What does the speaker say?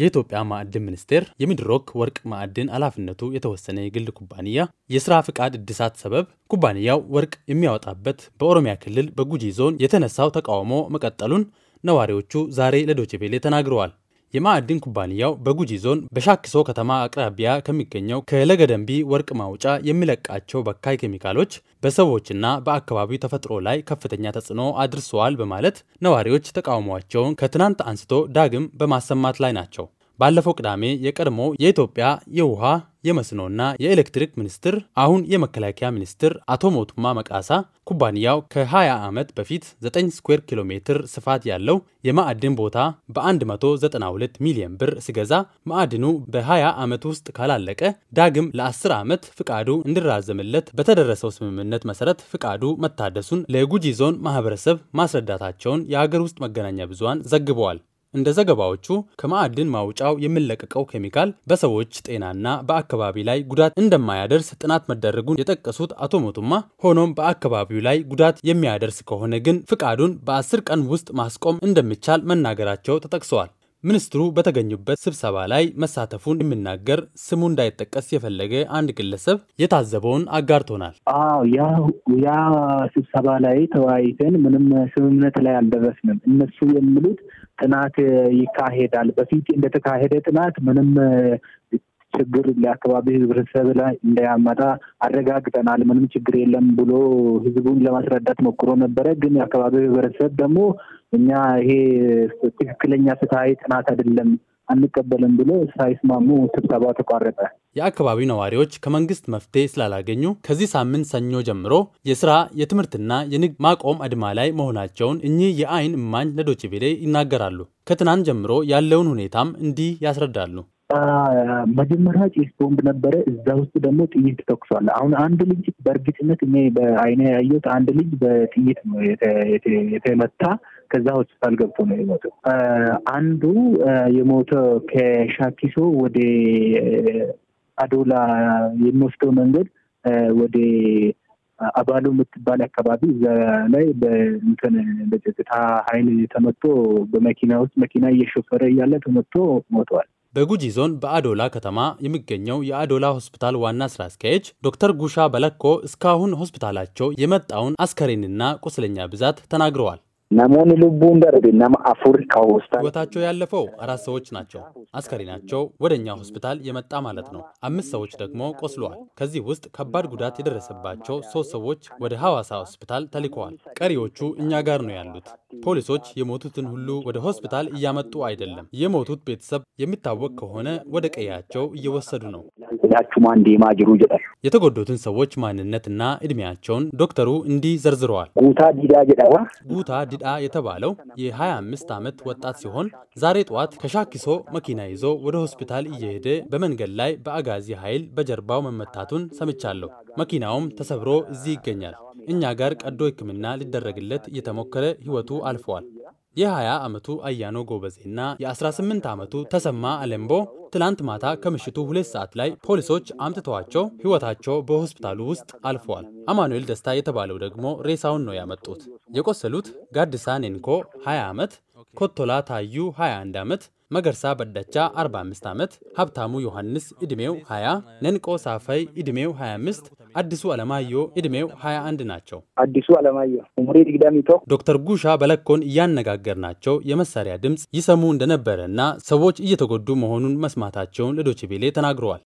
የኢትዮጵያ ማዕድን ሚኒስቴር የሚድሮክ ወርቅ ማዕድን ኃላፊነቱ የተወሰነ የግል ኩባንያ የስራ ፍቃድ እድሳት ሰበብ ኩባንያው ወርቅ የሚያወጣበት በኦሮሚያ ክልል በጉጂ ዞን የተነሳው ተቃውሞ መቀጠሉን ነዋሪዎቹ ዛሬ ለዶችቬሌ ተናግረዋል። የማዕድን ኩባንያው በጉጂ ዞን በሻኪሶ ከተማ አቅራቢያ ከሚገኘው ከለገደንቢ ወርቅ ማውጫ የሚለቃቸው በካይ ኬሚካሎች በሰዎችና በአካባቢው ተፈጥሮ ላይ ከፍተኛ ተጽዕኖ አድርሰዋል በማለት ነዋሪዎች ተቃውሟቸውን ከትናንት አንስቶ ዳግም በማሰማት ላይ ናቸው። ባለፈው ቅዳሜ የቀድሞ የኢትዮጵያ የውሃ የመስኖና የኤሌክትሪክ ሚኒስትር አሁን የመከላከያ ሚኒስትር አቶ ሞቱማ መቃሳ ኩባንያው ከ20 ዓመት በፊት 9 ስኩዌር ኪሎ ሜትር ስፋት ያለው የማዕድን ቦታ በ192 ሚሊዮን ብር ሲገዛ ማዕድኑ በ20 ዓመት ውስጥ ካላለቀ ዳግም ለ10 ዓመት ፍቃዱ እንዲራዘምለት በተደረሰው ስምምነት መሰረት ፍቃዱ መታደሱን ለጉጂ ዞን ማህበረሰብ ማስረዳታቸውን የሀገር ውስጥ መገናኛ ብዙሃን ዘግበዋል። እንደ ዘገባዎቹ ከማዕድን ማውጫው የሚለቀቀው ኬሚካል በሰዎች ጤናና በአካባቢ ላይ ጉዳት እንደማያደርስ ጥናት መደረጉን የጠቀሱት አቶ ሞቱማ፣ ሆኖም በአካባቢው ላይ ጉዳት የሚያደርስ ከሆነ ግን ፍቃዱን በአስር ቀን ውስጥ ማስቆም እንደሚቻል መናገራቸው ተጠቅሰዋል። ሚኒስትሩ በተገኙበት ስብሰባ ላይ መሳተፉን የሚናገር ስሙ እንዳይጠቀስ የፈለገ አንድ ግለሰብ የታዘበውን አጋርቶናል። አዎ ያ ስብሰባ ላይ ተወያይተን ምንም ስምምነት ላይ አልደረስንም። እነሱ የሚሉት ጥናት ይካሄዳል። በፊት እንደተካሄደ ጥናት ምንም ችግር ለአካባቢ ህብረተሰብ ላይ እንዳያመጣ አረጋግጠናል፣ ምንም ችግር የለም ብሎ ህዝቡን ለማስረዳት ሞክሮ ነበረ። ግን የአካባቢው ህብረተሰብ ደግሞ እኛ ይሄ ትክክለኛ ፍትሐዊ ጥናት አይደለም አንቀበልም ብሎ ሳይስማሙ ስብሰባው ተቋረጠ። የአካባቢው ነዋሪዎች ከመንግስት መፍትሄ ስላላገኙ ከዚህ ሳምንት ሰኞ ጀምሮ የስራ የትምህርትና የንግድ ማቆም አድማ ላይ መሆናቸውን እኚህ የአይን እማኝ ለዶችቬሌ ይናገራሉ። ከትናንት ጀምሮ ያለውን ሁኔታም እንዲህ ያስረዳሉ። መጀመሪያ ጭስ ቦምብ ነበረ። እዛ ውስጥ ደግሞ ጥይት ተኩሷል። አሁን አንድ ልጅ በእርግጥነት እኔ በአይኔ ያየሁት አንድ ልጅ በጥይት ነው የተመታ። ከዛ ሆስፒታል ገብቶ ነው የሞተው። አንዱ የሞተ ከሻኪሶ ወደ አዶላ የሚወስደው መንገድ ወደ አባሉ የምትባል አካባቢ እዛ ላይ በእንትን በጸጥታ ኃይል ተመቶ በመኪና ውስጥ መኪና እየሾፈረ እያለ ተመቶ ሞተዋል። በጉጂ ዞን በአዶላ ከተማ የሚገኘው የአዶላ ሆስፒታል ዋና ስራ አስኪያጅ ዶክተር ጉሻ በለኮ እስካሁን ሆስፒታላቸው የመጣውን አስከሬንና ቁስለኛ ብዛት ተናግረዋል። ናሞን ልቡ እንደርቤናም አፉር ከሆስፒታል ህይወታቸው ያለፈው አራት ሰዎች ናቸው። አስከሬናቸው ወደኛ ሆስፒታል የመጣ ማለት ነው። አምስት ሰዎች ደግሞ ቆስለዋል። ከዚህ ውስጥ ከባድ ጉዳት የደረሰባቸው ሶስት ሰዎች ወደ ሐዋሳ ሆስፒታል ተልከዋል። ቀሪዎቹ እኛ ጋር ነው ያሉት። ፖሊሶች የሞቱትን ሁሉ ወደ ሆስፒታል እያመጡ አይደለም። የሞቱት ቤተሰብ የሚታወቅ ከሆነ ወደ ቀያቸው እየወሰዱ ነው። የተጎዱትን ሰዎች ማንነትና እድሜያቸውን ዶክተሩ እንዲህ ዘርዝረዋል። ጉታ ዲዳ ጀዳዋ ጉታ ዲዳ የተባለው የ25 ዓመት ወጣት ሲሆን ዛሬ ጠዋት ከሻኪሶ መኪና ይዞ ወደ ሆስፒታል እየሄደ በመንገድ ላይ በአጋዚ ኃይል በጀርባው መመታቱን ሰምቻለሁ። መኪናውም ተሰብሮ እዚህ ይገኛል። እኛ ጋር ቀዶ ሕክምና ሊደረግለት እየተሞከረ ህይወቱ አልፈዋል። የ20 ዓመቱ አያኖ ጎበዜና የ18 ዓመቱ ተሰማ አለምቦ ትላንት ማታ ከምሽቱ ሁለት ሰዓት ላይ ፖሊሶች አምጥተዋቸው ህይወታቸው በሆስፒታሉ ውስጥ አልፈዋል። አማኑኤል ደስታ የተባለው ደግሞ ሬሳውን ነው ያመጡት። የቆሰሉት ጋድሳ ኔንኮ 20 ዓመት፣ ኮቶላ ታዩ 21 ዓመት መገርሳ በዳቻ 45 ዓመት፣ ሀብታሙ ዮሐንስ ዕድሜው 20፣ ነንቆ ሳፋይ ዕድሜው 25፣ አዲሱ አለማየሁ እድሜው 21 ናቸው። አዲሱ አለማየሁ ኡምሪ ድግዳሚቶ ዶክተር ጉሻ በለኮን ናቸው የመሳሪያ ድምፅ ይሰሙ እንደነበረና ሰዎች እየተጎዱ መሆኑን መስማታቸውን ለዶችቤሌ ተናግረዋል።